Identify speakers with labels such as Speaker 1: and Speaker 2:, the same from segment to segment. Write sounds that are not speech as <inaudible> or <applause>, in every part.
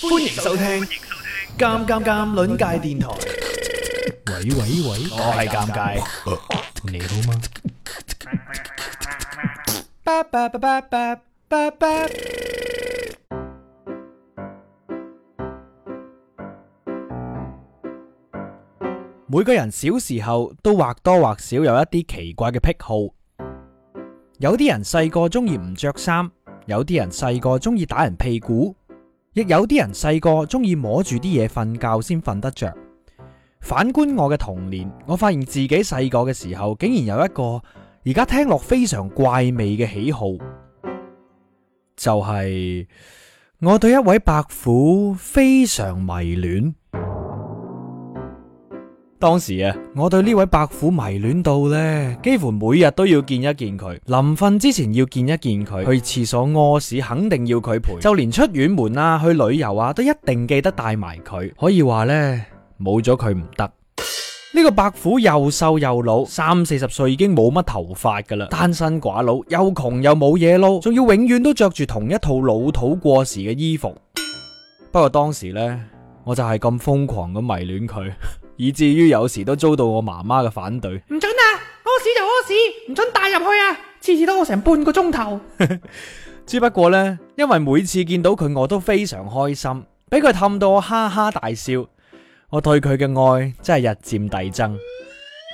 Speaker 1: 歡迎收聽《尷尷尷》輪界電台。喂喂喂，我係尷尬，你好嗎？每個人小時候都或多或少有一啲奇怪嘅癖好，有啲人細個中意唔着衫，有啲人細個中意打人屁股。亦有啲人細個中意摸住啲嘢瞓覺先瞓得着。反觀我嘅童年，我發現自己細個嘅時候，竟然有一個而家聽落非常怪味嘅喜好，就係我對一位白虎非常迷戀。當時啊，我對呢位伯父迷戀到呢，幾乎每日都要見一見佢，臨瞓之前要見一見佢，去廁所屙屎肯定要佢陪，就連出遠門啊、去旅遊啊，都一定記得帶埋佢。可以話呢，冇咗佢唔得。呢個伯父又瘦又老，三四十歲已經冇乜頭髮噶啦，單身寡佬，又窮又冇嘢撈，仲要永遠都着住同一套老土過時嘅衣服。不過當時呢，我就係咁瘋狂咁迷戀佢。 <laughs> 以至於有時都遭到我媽媽嘅反對，唔准啊！屙屎就屙屎，唔准帶入去啊！次次都屙成半個鐘頭。 <laughs> 只不過呢，因為每次見到佢，我都非常開心，俾佢氹到我哈哈大笑，我對佢嘅愛真係日漸遞增。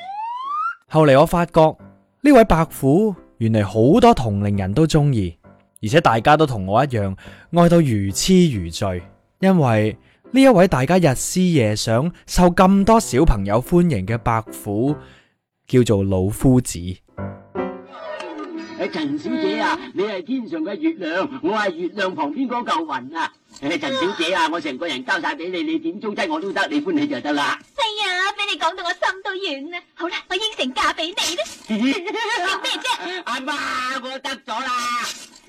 Speaker 1: <noise> 後嚟我發覺呢位白虎，原嚟好多同齡人都中意，而且大家都同我一樣愛到如痴如醉，因為。呢一位大家日思夜想、受咁多小朋友歡迎嘅白虎，叫做老夫子。
Speaker 2: 誒，陳小姐啊，你係天上嘅月亮，我係月亮旁邊嗰嚿雲啊。誒，陳小姐啊，我成個人交晒俾你，你點中得我都得，你歡喜就得啦。
Speaker 1: 係啊，俾你講到我
Speaker 2: 心都軟啊。好啦，我應承嫁俾你啦。笑咩啫？阿媽，我得咗啦。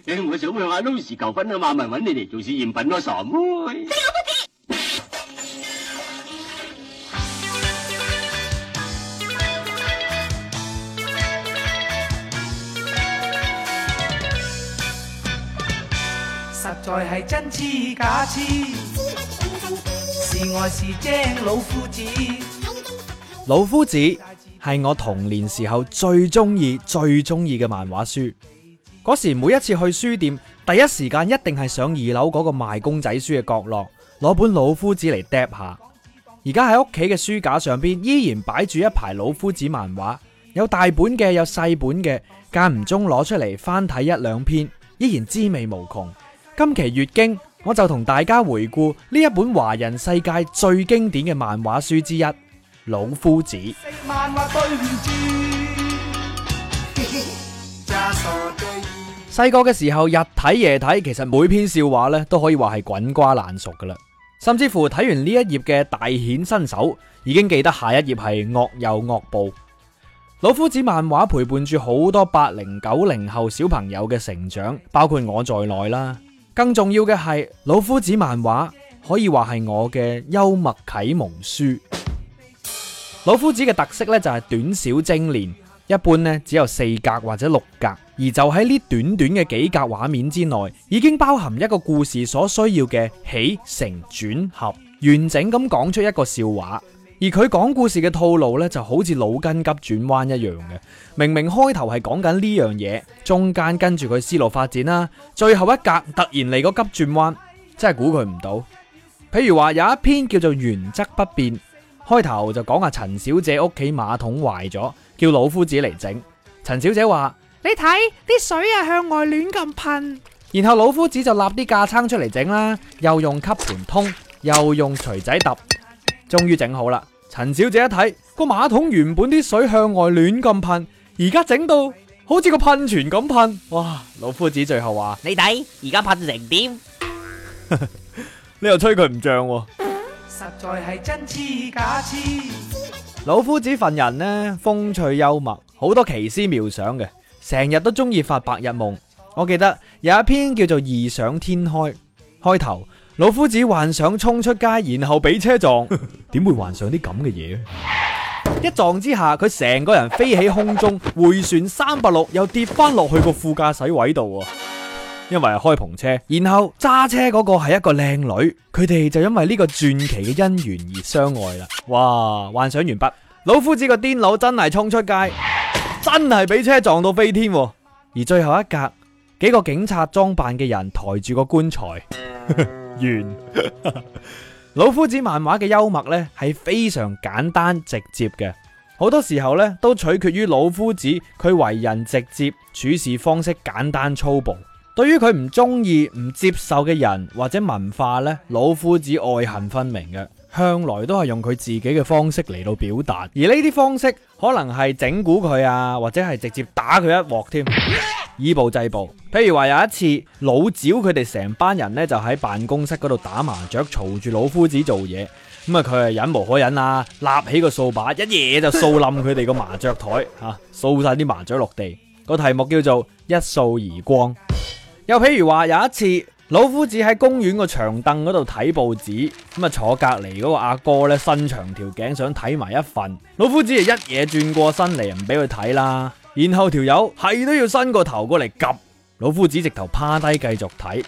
Speaker 2: 誒，我想向阿撈士求婚啊嘛，咪揾你嚟做試驗品咯，傻妹。死老夫子。實在係
Speaker 1: 真癡假癡，是愛是精老夫子。老夫子係我童年時候最中意、最中意嘅漫畫書。嗰時每一次去書店，第一時間一定係上二樓嗰個賣公仔書嘅角落，攞本老夫子嚟嗒下。而家喺屋企嘅書架上邊依然擺住一排老夫子漫畫，有大本嘅，有細本嘅，間唔中攞出嚟翻睇一兩篇，依然滋味無窮。今期粵經，我就同大家回顧呢一本華人世界最經典嘅漫畫書之一《老夫子》。細個嘅時候日睇夜睇，其實每篇笑話咧都可以話係滾瓜爛熟噶啦。甚至乎睇完呢一頁嘅大顯身手，已經記得下一頁係惡有惡報。老夫子漫畫陪伴住好多八零九零後小朋友嘅成長，包括我在內啦。更重要嘅係，老夫子漫畫可以話係我嘅幽默啟蒙書。老夫子嘅特色咧就係、是、短小精煉，一般呢只有四格或者六格，而就喺呢短短嘅幾格畫面之內，已經包含一個故事所需要嘅起承轉合，完整咁講出一個笑話。而佢講故事嘅套路呢，就好似腦筋急轉彎一樣嘅。明明開頭係講緊呢樣嘢，中間跟住佢思路發展啦、啊，最後一格突然嚟個急轉彎，真係估佢唔到。譬如話有一篇叫做《原則不變》，開頭就講阿陳小姐屋企馬桶壞咗，叫老夫子嚟整。陳小姐話：「你睇啲水啊向外亂咁噴！」然後老夫子就立啲架撐出嚟整啦，又用吸盤通，又用錘仔揼。終於整好啦！陳小姐一睇個馬桶，原本啲水向外亂咁噴，而家整到好似個噴泉咁噴。哇！老夫子最後話：你睇，而家噴成點？ <laughs> 你又吹佢唔脹喎，
Speaker 2: 實在係真痴假痴。嗯、
Speaker 1: 老夫子份人呢，風趣幽默，好多奇思妙想嘅，成日都中意發白日夢。我記得有一篇叫做《異想天開》，開頭。老夫子幻想衝出街，然後俾車撞，點 <laughs> 會幻想啲咁嘅嘢？一撞之下，佢成個人飛起空中，回旋三百六，又跌翻落去個副駕駛位度啊！因為係開篷車，然後揸車嗰個係一個靚女，佢哋 <laughs> 就因為呢個傳奇嘅姻緣而相愛啦。哇！幻想完畢，老夫子個癲佬真係衝出街， <laughs> 真係俾車撞到飛天啊。而最後一格，幾個警察裝扮嘅人抬住個棺材。 <laughs> 完， <laughs> 老夫子漫畫嘅幽默呢，係非常簡單直接嘅。好多時候呢，都取決於老夫子佢為人直接，處事方式簡單粗暴。對於佢唔中意、唔接受嘅人或者文化呢，老夫子愛恨分明嘅，向來都係用佢自己嘅方式嚟到表達。而呢啲方式可能係整蠱佢啊，或者係直接打佢一鑊添。Yeah! .以暴制暴，譬如話有一次，老趙佢哋成班人呢就喺辦公室嗰度打麻雀，嘈住老夫子做嘢，咁啊佢係忍無可忍啦，啊，立起個掃把，一嘢就掃冧佢哋個麻雀台吓，掃晒啲麻雀落地。個題目叫做一掃而光。 <laughs> 又譬如話有一次，老夫子喺公園個長凳嗰度睇報紙，咁啊坐隔籬嗰個阿哥，哥呢，伸長條頸想睇埋一份，老夫子啊一嘢轉過身嚟唔俾佢睇啦。然後條友係都要伸個頭過嚟夾，老夫子直頭趴低繼續睇。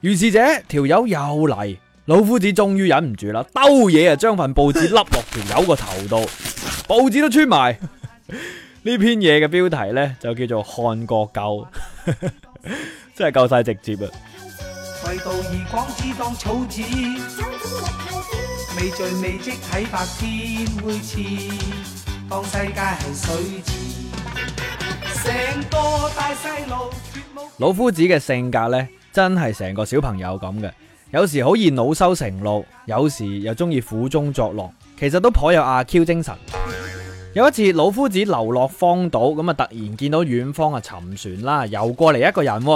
Speaker 1: 於是者條友、這個、又嚟，老夫子終於忍唔住啦，兜嘢啊將份報紙笠落條友個頭度，報紙都穿埋。呢 <laughs> 篇嘢嘅標題咧就叫做《漢國狗》， <laughs> 真係夠晒直接啊！未
Speaker 2: 在未即睇白
Speaker 1: 天會似，當世界係水池。成個大細路，老夫子嘅性格呢，真係成個小朋友咁嘅，有時好易惱羞成怒，有時又中意苦中作樂，其實都頗有阿 Q 精神。有一次，老夫子流落荒島，咁啊突然見到遠方啊沉船啦，游過嚟一個人，咁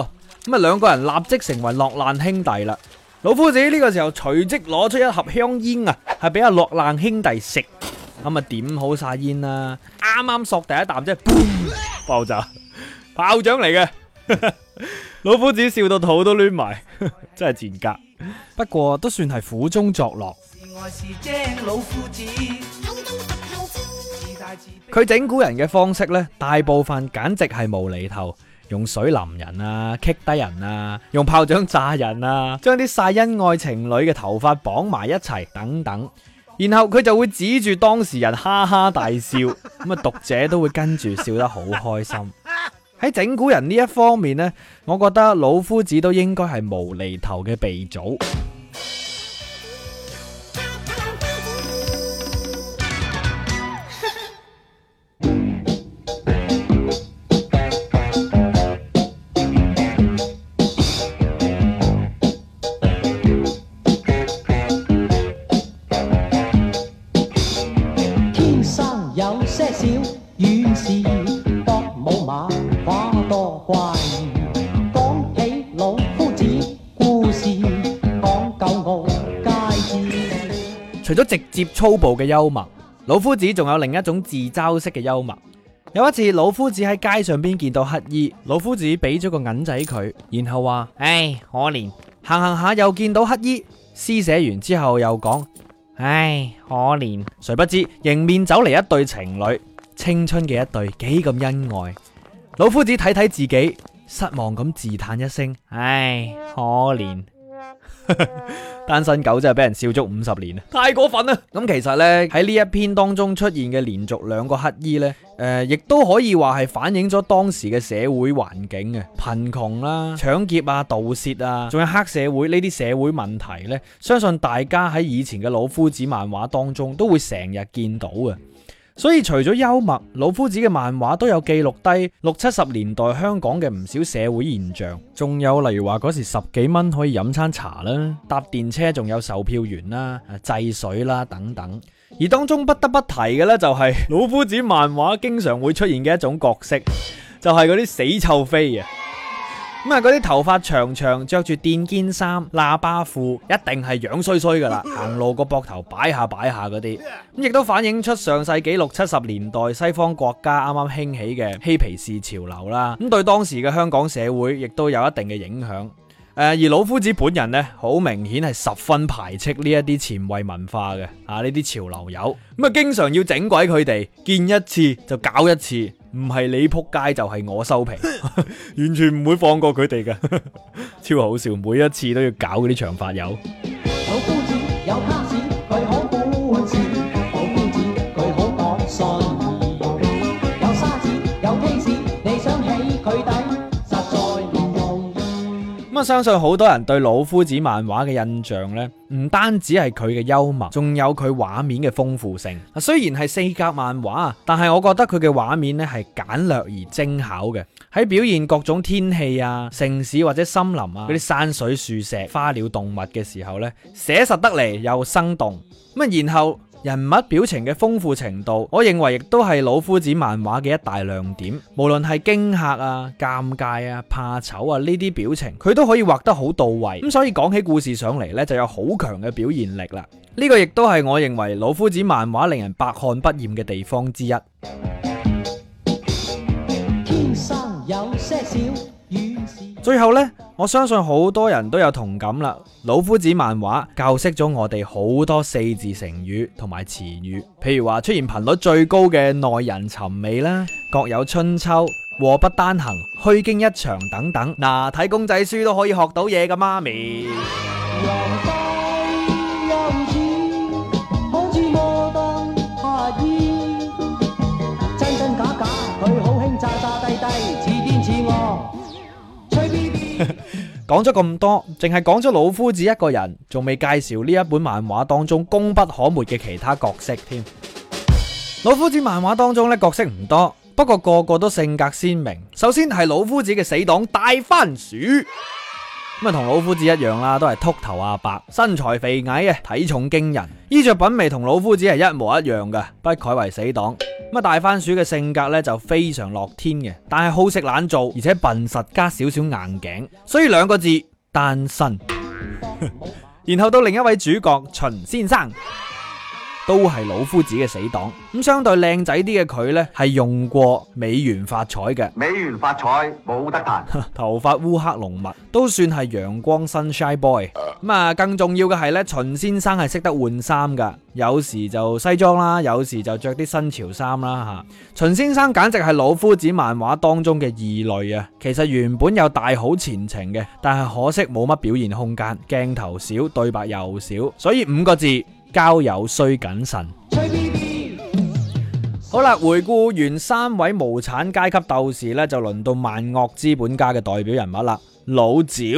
Speaker 1: 啊兩個人立即成為落難兄弟啦。老夫子呢個時候隨即攞出一盒香煙啊，係俾阿落難兄弟食。咁啊，點好晒煙啦！啱啱索第一啖，即係 boom 爆炸， <laughs> 炮仗嚟嘅。 <laughs> 老夫子笑到肚都攣埋， <laughs> 真係賤格。 <laughs> 不過都算係苦中作樂。佢整蠱人嘅方式呢，大部分簡直係無厘頭，用水淋人啊，棘低人啊，用炮仗炸人啊，將啲晒恩愛情侶嘅頭髮綁埋一齊，等等。然後佢就會指住當事人哈哈大笑，咁啊讀者都會跟住笑得好開心。喺整蠱人呢一方面咧，我覺得老夫子都應該係無厘頭嘅鼻祖。粗暴嘅幽默，老夫子仲有另一種自嘲式嘅幽默。有一次，老夫子喺街上邊見到乞兒，老夫子俾咗個銀仔佢，然後話：，唉、哎，可憐！行行下又見到乞兒，施捨完之後又講：，唉、哎，可憐！誰不知迎面走嚟一對情侶，青春嘅一對，幾咁恩愛。老夫子睇睇自己，失望咁自嘆一聲：，唉、哎，可憐！ <laughs> 單身狗真係俾人笑足五十年啊！太過分啦！咁其實呢，喺呢一篇當中出現嘅連續兩個乞衣呢，誒、呃，亦都可以話係反映咗當時嘅社會環境嘅貧窮啦、搶劫啊、盜竊啊，仲有黑社會呢啲社會問題呢，相信大家喺以前嘅老夫子漫畫當中都會成日見到嘅。所以除咗幽默，老夫子嘅漫畫都有記錄低六七十年代香港嘅唔少社會現象，仲有例如話嗰時十幾蚊可以飲餐茶啦，搭電車仲有售票員啦、制水啦等等。而當中不得不提嘅呢，就係老夫子漫畫經常會出現嘅一種角色，就係嗰啲死臭飛啊！咁啊！嗰啲頭髮長長，着住墊肩衫、喇叭褲，一定係樣衰衰㗎喇。行路個膊頭擺下擺下嗰啲，咁亦都反映出上世紀六七十年代西方國家啱啱興起嘅嬉皮士潮流啦。咁對當時嘅香港社會，亦都有一定嘅影響。誒，而老夫子本人呢，好明顯係十分排斥呢一啲前衛文化嘅。吓，呢啲潮流友，咁啊經常要整鬼佢哋，見一次就搞一次，唔係你扑街就係我收皮， <laughs> 完全唔會放過佢哋嘅，超好笑，每一次都要搞嗰啲長髮友。咁相信好多人對老夫子漫畫嘅印象呢，唔單止係佢嘅幽默，仲有佢畫面嘅豐富性。啊，雖然係四格漫畫，但係我覺得佢嘅畫面咧係簡略而精巧嘅。喺表現各種天氣啊、城市或者森林啊嗰啲山水、樹石、花鳥、動物嘅時候呢，寫實得嚟又生動。咁然後。人物表情嘅豐富程度，我認為亦都係老夫子漫畫嘅一大亮點。無論係驚嚇啊、尷尬啊、怕醜啊呢啲、啊、表情，佢都可以畫得好到位。咁所以講起故事上嚟呢，就有好強嘅表現力啦。呢、呢個亦都係我認為老夫子漫畫令人百看不厭嘅地方之一。天
Speaker 2: 生有些少
Speaker 1: 最後呢，我相信好多人都有同感啦。老夫子漫畫教識咗我哋好多四字成語同埋詞語，譬如話出現頻率最高嘅“耐人尋味”啦、“各有春秋”、“禍不單行”、“虛驚一場”等等。嗱，睇公仔書都可以學到嘢嘅媽咪。講咗咁多，淨係講咗老夫子一個人，仲未介紹呢一本漫畫當中功不可沒嘅其他角色添。 <noise> 老夫子漫畫當中呢，角色唔多，不過個個都性格鮮明。首先係老夫子嘅死黨大番薯。咁啊，同老夫子一樣啦，都係禿頭阿伯，身材肥矮啊，體重驚人，衣着品味同老夫子係一模一樣嘅，不愧為死黨。咁啊，大番薯嘅性格咧就非常樂天嘅，但係好食懶做，而且笨實加少少硬頸，所以兩個字單身。 <laughs> 然後到另一位主角秦先生。都係老夫子嘅死黨，咁相對靚仔啲嘅佢呢，係用過美元髮彩嘅，美元髮彩冇得彈， <laughs> 頭髮烏黑濃密，都算係陽光 sunshine boy。咁啊，更重要嘅係呢，秦先生係識得換衫噶，有時就西裝啦，有時就着啲新潮衫啦吓。秦先生簡直係老夫子漫畫當中嘅異類啊！其實原本有大好前程嘅，但係可惜冇乜表現空間，鏡頭少，對白又少，所以五個字。交友需謹慎。好啦，回顧完三位無產階級鬥士呢，就輪到萬惡資本家嘅代表人物啦。老趙，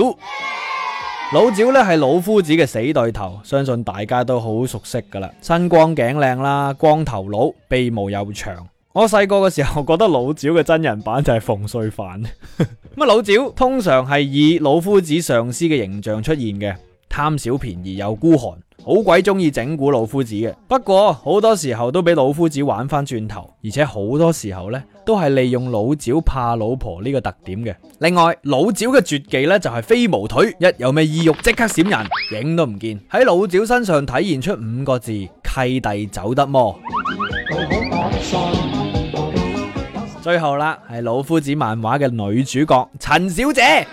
Speaker 1: 老趙呢係老夫子嘅死對頭，相信大家都好熟悉噶啦。身光頸靚啦，光頭佬，鼻毛又長。我細個嘅時候覺得老趙嘅真人版就係馮瑞凡。咁 <laughs> 老趙通常係以老夫子上司嘅形象出現嘅。貪小便宜又孤寒，好鬼中意整蠱老夫子嘅。不過好多時候都俾老夫子玩翻轉頭，而且好多時候呢都係利用老趙怕老婆呢個特點嘅。另外，老趙嘅絕技呢就係、是、飛毛腿，一有咩意欲即刻閃人，影都唔見。喺老趙身上體現出五個字：契弟走得魔。 <music> 最後啦，係老夫子漫畫嘅女主角陳小姐。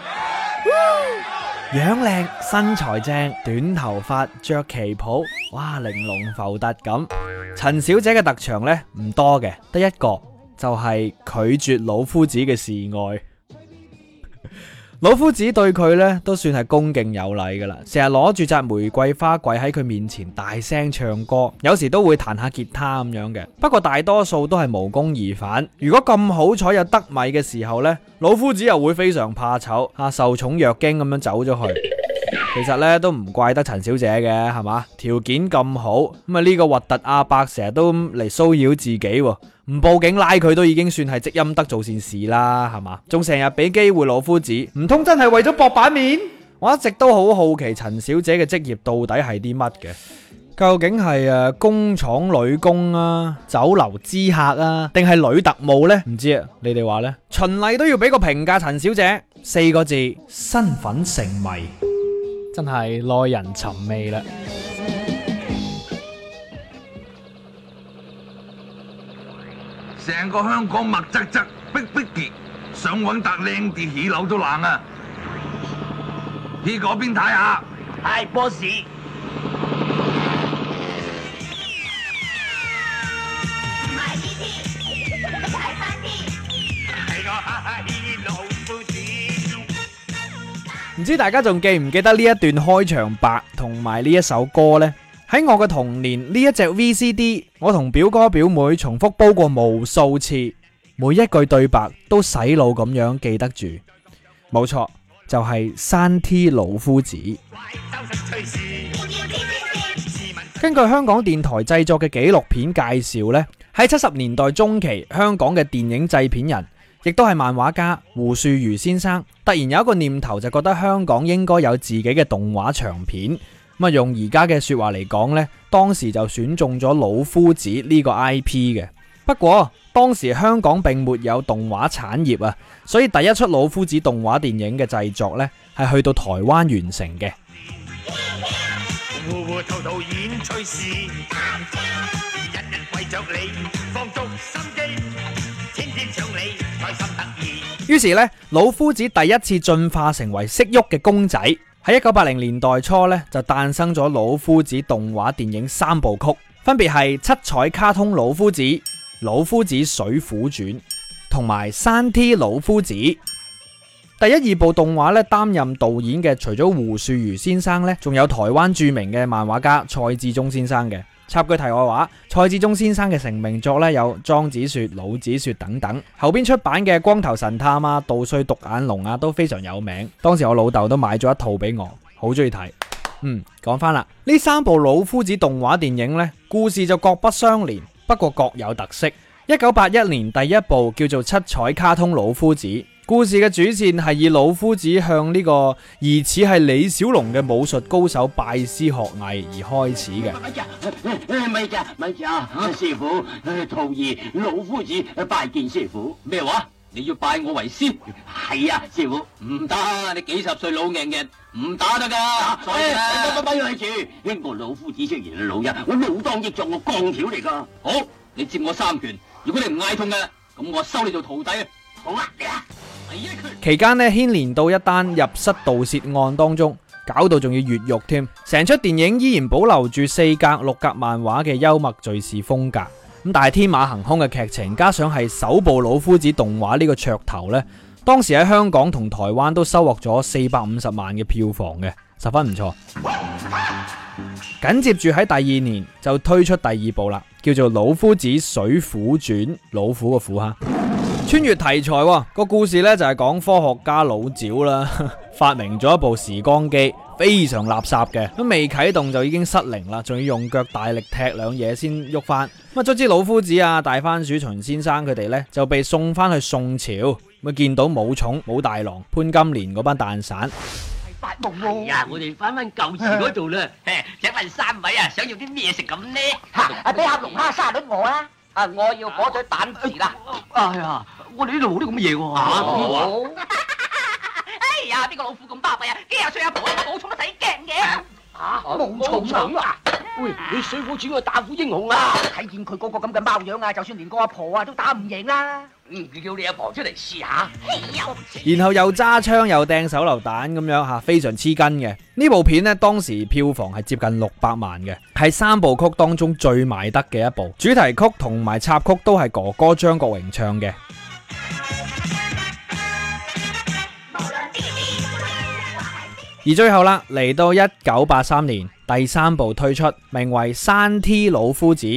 Speaker 1: 樣靚，身材正，短頭髮，着旗袍，哇，玲瓏浮凸咁。陳小姐嘅特長呢唔多嘅，得一個就係、是、拒絕老夫子嘅示愛。 <laughs> 老夫子對佢咧都算係恭敬有禮噶啦，成日攞住紮玫瑰花跪喺佢面前，大聲唱歌，有時都會彈下吉他咁樣嘅。不過大多數都係無功而返。如果咁好彩有得米嘅時候呢，老夫子又會非常怕醜啊，受寵若驚咁樣走咗去。其實呢都唔怪得陳小姐嘅，係嘛？條件咁好，咁啊呢個核突阿伯成日都嚟騷擾自己喎，啊。唔報警拉佢都已經算係積陰德做善事啦，係嘛？仲成日俾機會老夫子，唔通真係為咗博版面？我一直都好好奇陳小姐嘅職業到底係啲乜嘅？究竟係誒工廠女工啊、酒樓知客啊，定係女特務呢？唔知啊，你哋話呢，循例都要俾個評價陳小姐，四個字：身份成謎，真係耐人尋味啦。
Speaker 2: 成個香港密質質，逼逼地，想揾笪靚地起樓都難啊！去嗰邊睇下，係 boss。
Speaker 1: 唔知大家仲記唔記得呢一段開場白同埋呢一首歌咧？喺我嘅童年，呢一隻 VCD，我同表哥表妹重複煲過無數次，每一句對白都洗腦咁樣記得住。冇錯，就係、是《山 T 老夫子》。 <noise> 根據香港電台製作嘅紀錄片介紹呢，喺七十年代中期，香港嘅電影製片人，亦都係漫畫家胡樹儒先生，突然有一個念頭，就覺得香港應該有自己嘅動畫長片。咁啊，用而家嘅說話嚟講呢，當時就選中咗老夫子呢個 IP 嘅。不過當時香港並沒有動畫產業啊，所以第一出老夫子動畫電影嘅製作呢係去到台灣完成嘅。
Speaker 2: 嗯、 <music>
Speaker 1: 於是呢，老夫子第一次進化成為識喐嘅公仔。喺一九八零年代初咧，就誕生咗老夫子動畫電影三部曲，分別係《七彩卡通老夫子》《老夫子水滸傳》同埋《三 T 老夫子》。第一、二部動畫咧，擔任導演嘅除咗胡樹如先生咧，仲有台灣著名嘅漫畫家蔡志忠先生嘅。插句題外話，蔡志忠先生嘅成名作咧，有《莊子說》《老子說》等等，後邊出版嘅《光頭神探》啊，《盜帥獨眼龍》啊，都非常有名。當時我老豆都買咗一套俾我，好中意睇。嗯，講返啦，呢三部老夫子動畫電影咧，故事就各不相連，不過各有特色。一九八一年第一部叫做《七彩卡通老夫子》。故事嘅主線係以老夫子向呢個疑似係李小龍嘅武術高手拜師學藝而開始嘅、嗯。
Speaker 2: 咪呀咪呀咪呀！師傅，徒兒，老夫子拜見師傅。咩話？你要拜我為師？係 <laughs> 啊，師傅唔得，你幾十歲老硬嘅唔打得噶。所以打啊，哎、at ata, 我唔允許。呢個老夫子雖然係老人，我老當益壯，我鋼條嚟噶。好，你接我三拳，如果你唔嗌痛嘅，咁我收你做徒弟啊。好啊， <music>
Speaker 1: 期間呢，牽連到一單入室盜竊案當中，搞到仲要越獄添。成出電影依然保留住四格、六格漫畫嘅幽默敘事風格，咁但係天馬行空嘅劇情，加上係首部老夫子動畫呢個噱頭呢，當時喺香港同台灣都收穫咗四百五十萬嘅票房嘅，十分唔錯。緊接住喺第二年就推出第二部啦，叫做《老夫子水虎傳》，老虎嘅虎哈。穿越題材個故事呢就係講科學家老趙啦，發明咗一部時光機，非常垃圾嘅，咁未啟動就已經失靈啦，仲要用腳大力踢兩嘢先喐翻。咁啊，卒之老夫子啊、大番薯秦先生、佢哋呢，就被送翻去宋朝，咁啊見到武松、武大郎、潘金蓮嗰班蛋散。係發夢
Speaker 2: 喎。我哋翻翻舊時嗰度啦。誒、哎呀，請問三位啊，想要啲咩食咁呢？吓，俾盒龍蝦沙律我啊。啊！我要火腿蛋治啦！哎呀，我哋呢度冇啲咁嘅嘢喎。啊啊啊啊、 <laughs> 哎呀，呢個老夫咁巴閉啊？幾廿歲阿婆，補充得抵驚嘅。吓，冇錯、啊啊、喂，你《水滸傳》個打虎英雄啊，睇見佢嗰個咁嘅貓樣啊，就算連個阿婆啊都打唔贏啦、啊。嗯，叫你阿婆出嚟試下。 <laughs> <laughs>
Speaker 1: 然後又揸槍又掟手榴彈咁樣吓，非常黐筋嘅。呢部片呢，當時票房係接近六百萬嘅，係三部曲當中最賣得嘅一部。主題曲同埋插曲都係哥哥張國榮唱嘅。而最後啦，嚟到一九八三年，第三部推出，名為《山 T 老夫子》。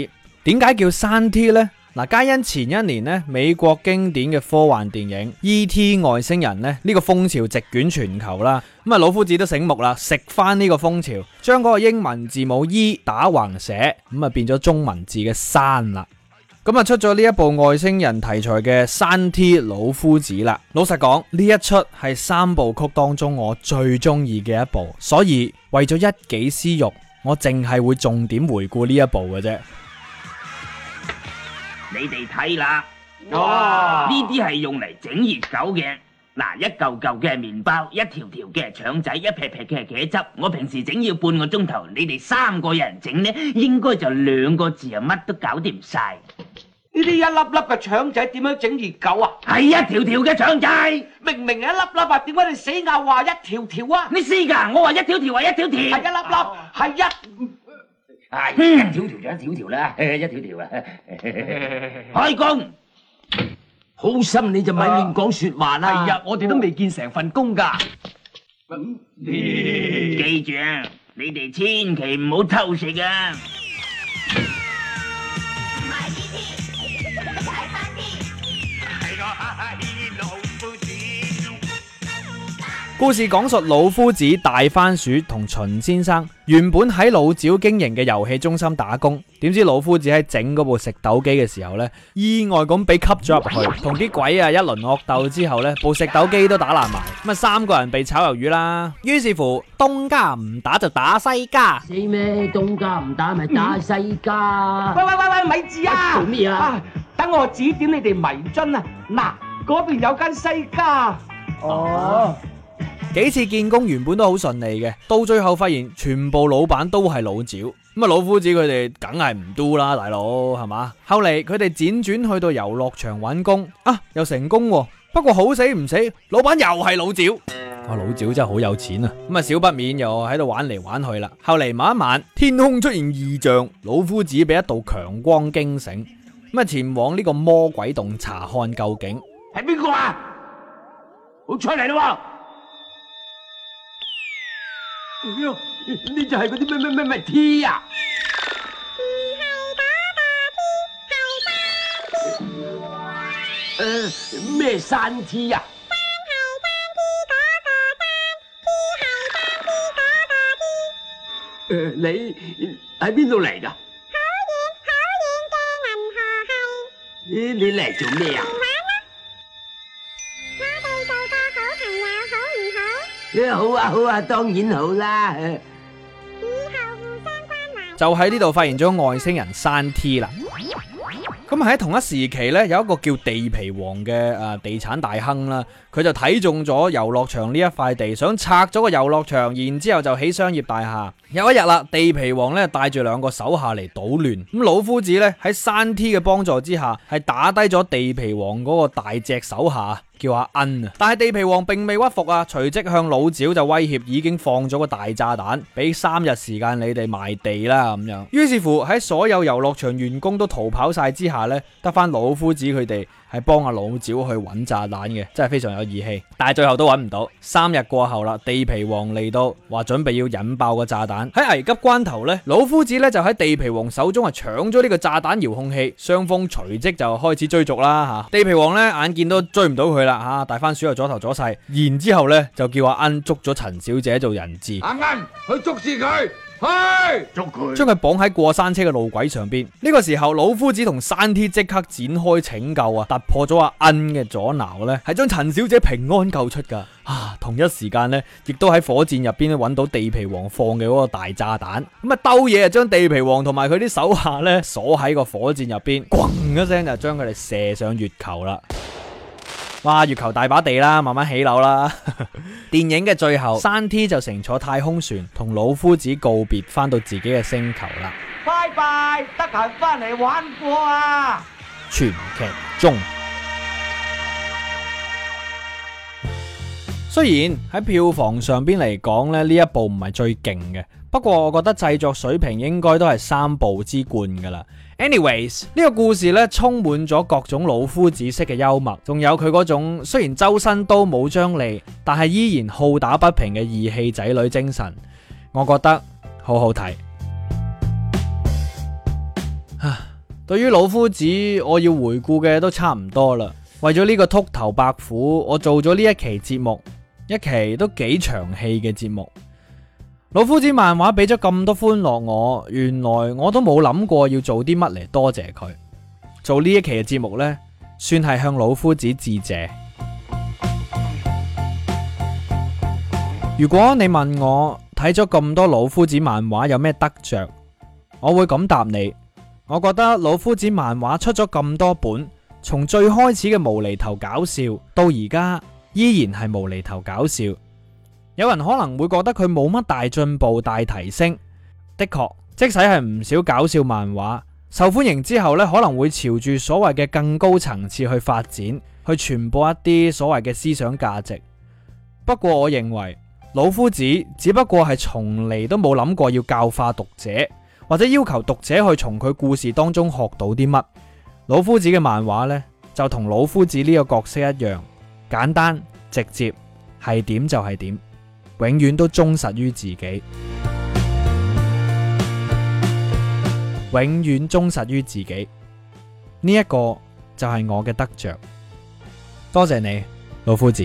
Speaker 1: 點解叫山 T 呢？嗱，皆因前一年呢，美國經典嘅科幻電影《E.T. 外星人》呢，呢個風潮席捲全球啦。咁啊，老夫子都醒目啦，食翻呢個風潮，將嗰個英文字母 E 打橫寫，咁啊變咗中文字嘅山啦。咁啊，出咗呢一部外星人題材嘅山 T 老夫子啦。老實講，呢一出係三部曲當中我最中意嘅一部，所以為咗一己私欲，我淨係會重點回顧呢一部嘅啫。
Speaker 2: 你哋睇啦，哇，呢啲係用嚟整熱狗嘅。嗱，一嚿嚿嘅係麵包，一條條嘅係腸仔，一撇撇嘅茄汁。我平時整要半個鐘頭，你哋三個人整呢，應該就兩個字啊，乜都搞掂晒。呢啲一粒粒嘅腸仔點樣整熱狗啊？係一條條嘅腸仔，明明係一粒粒啊，點解你死硬話一條條啊？你試噶，我話一條條啊，一條條係一粒粒，係一係一條條就一條條啦，一條條啊！開工，好心你就咪亂講說話啦！係啊，我哋都未見成份工噶，咁記住啊，你哋千祈唔好偷食啊！
Speaker 1: 故事講述老夫子、大番薯同秦先生原本喺老趙經營嘅遊戲中心打工，點知老夫子喺整嗰部食豆機嘅時候呢，意外咁俾吸咗入去，同啲鬼啊一輪惡鬥之後呢，部食豆機都打爛埋，咁啊三個人被炒魷魚啦。於是乎，東家唔打就打西家，死咩？
Speaker 2: 東家唔打咪，就是，打西家。喂喂喂喂，咪住啊，啊？做咩啊，
Speaker 1: 啊？等我
Speaker 2: 指點你哋迷津啊！嗱，啊，嗰邊有間西家。哦。Oh.
Speaker 1: 幾次見工原本都好順利嘅，到最後發現全部老闆都係老趙。咁啊，老夫子佢哋梗係唔都啦，大佬係嘛後嚟佢哋輾轉去到遊樂場揾工啊，又成功。不過好死唔死，老闆又係老趙。啊，老趙真係好有錢啊！咁啊，少不免又喺度玩嚟玩去啦。後嚟某一晚，天空出現異象，老夫子被一道強光驚醒，咁啊，前往呢個魔鬼洞查看究竟係邊個啊？我出嚟咯，啊！
Speaker 2: 哎呀，你就係嗰啲咩咩咩咩 T 啊？唔係打打 T，係打 T。誒，咩山 T 呀？山係山 T，嗰個山 T 係山 T，嗰個 T。誒，你喺邊度嚟噶？好遠好遠嘅銀河系。咦，你嚟做咩啊？
Speaker 1: <noise> 好啊，好啊，當然好啦。以後就喺呢度發現咗外星人山 T 啦。咁喺、 <noise> 嗯、同一時期呢，有一個叫地皮王嘅誒，地產大亨啦，佢就睇中咗遊樂場呢一塊地，想拆咗個遊樂場，然之後就起商業大廈。有一日啦，地皮王呢，帶住兩個手下嚟搗亂。咁老夫子呢，喺山 T 嘅幫助之下，係打低咗地皮王嗰個大隻手下，叫阿恩，但係地皮王並未屈服啊！隨即向老趙就威脅，已經放咗個大炸彈，俾三日時間你哋埋地啦咁樣。於 <music> 是乎喺所有遊樂場員工都逃跑晒之下呢，得翻老夫子佢哋。係幫阿老趙去揾炸彈嘅，真係非常有義氣。但係最後都揾唔到。三日過後啦，地皮王嚟到，話準備要引爆個炸彈。喺危急關頭呢，老夫子呢就喺地皮王手中啊搶咗呢個炸彈遙控器，雙方隨即就開始追逐啦吓、啊。地皮王呢眼見都追唔到佢啦吓，大、啊、番薯又阻頭阻勢，然之後咧就叫阿奀捉咗陳小姐做人質。阿
Speaker 2: 奀去捉住佢。
Speaker 1: 將佢綁喺過山車嘅路軌上邊，呢個時候老夫子同山 T 即刻展開拯救啊，突破咗阿恩嘅阻撓呢係將陳小姐平安救出噶。啊，同一時間呢，亦都喺火箭入邊揾到地皮王放嘅嗰個大炸彈，咁啊兜嘢啊將地皮王同埋佢啲手下呢鎖喺個火箭入邊，咣一聲就將佢哋射上月球啦。哇！月球大把地啦，慢慢起樓啦。 <laughs> 電影嘅最後，山 T 就乘坐太空船同老夫子告別，翻到自己嘅星球啦。
Speaker 2: 拜拜，得閒翻嚟玩過啊！
Speaker 1: 全劇終 <laughs> 雖然喺票房上邊嚟講咧，呢一部唔係最勁嘅。不過我覺得製作水平應該都係三部之冠噶啦。Anyways，呢個故事咧充滿咗各種老夫子式嘅幽默，仲有佢嗰種雖然周身都冇張力，但係依然好打不平嘅義氣仔女精神，我覺得好好睇。啊， <music> 對於老夫子，我要回顧嘅都差唔多啦。為咗呢個禿頭伯父，我做咗呢一期節目，一期都幾長氣嘅節目。老夫子漫畫俾咗咁多歡樂我，原來我都冇諗過要做啲乜嚟多謝佢。做呢一期嘅節目呢，算係向老夫子致謝。如果你問我睇咗咁多老夫子漫畫有咩得着，我會咁答你：我覺得老夫子漫畫出咗咁多本，從最開始嘅無厘頭搞笑到而家，依然係無厘頭搞笑。有人可能會覺得佢冇乜大進步、大提升。的確，即使係唔少搞笑漫畫受歡迎之後呢，可能會朝住所謂嘅更高層次去發展，去傳播一啲所謂嘅思想價值。不過，我認為老夫子只不過係從嚟都冇諗過要教化讀者，或者要求讀者去從佢故事當中學到啲乜。老夫子嘅漫畫呢，就同老夫子呢個角色一樣，簡單直接，係點就係點。永遠都忠實於自己，永遠忠實於自己，呢一個就係我嘅得着。多謝你，老夫子。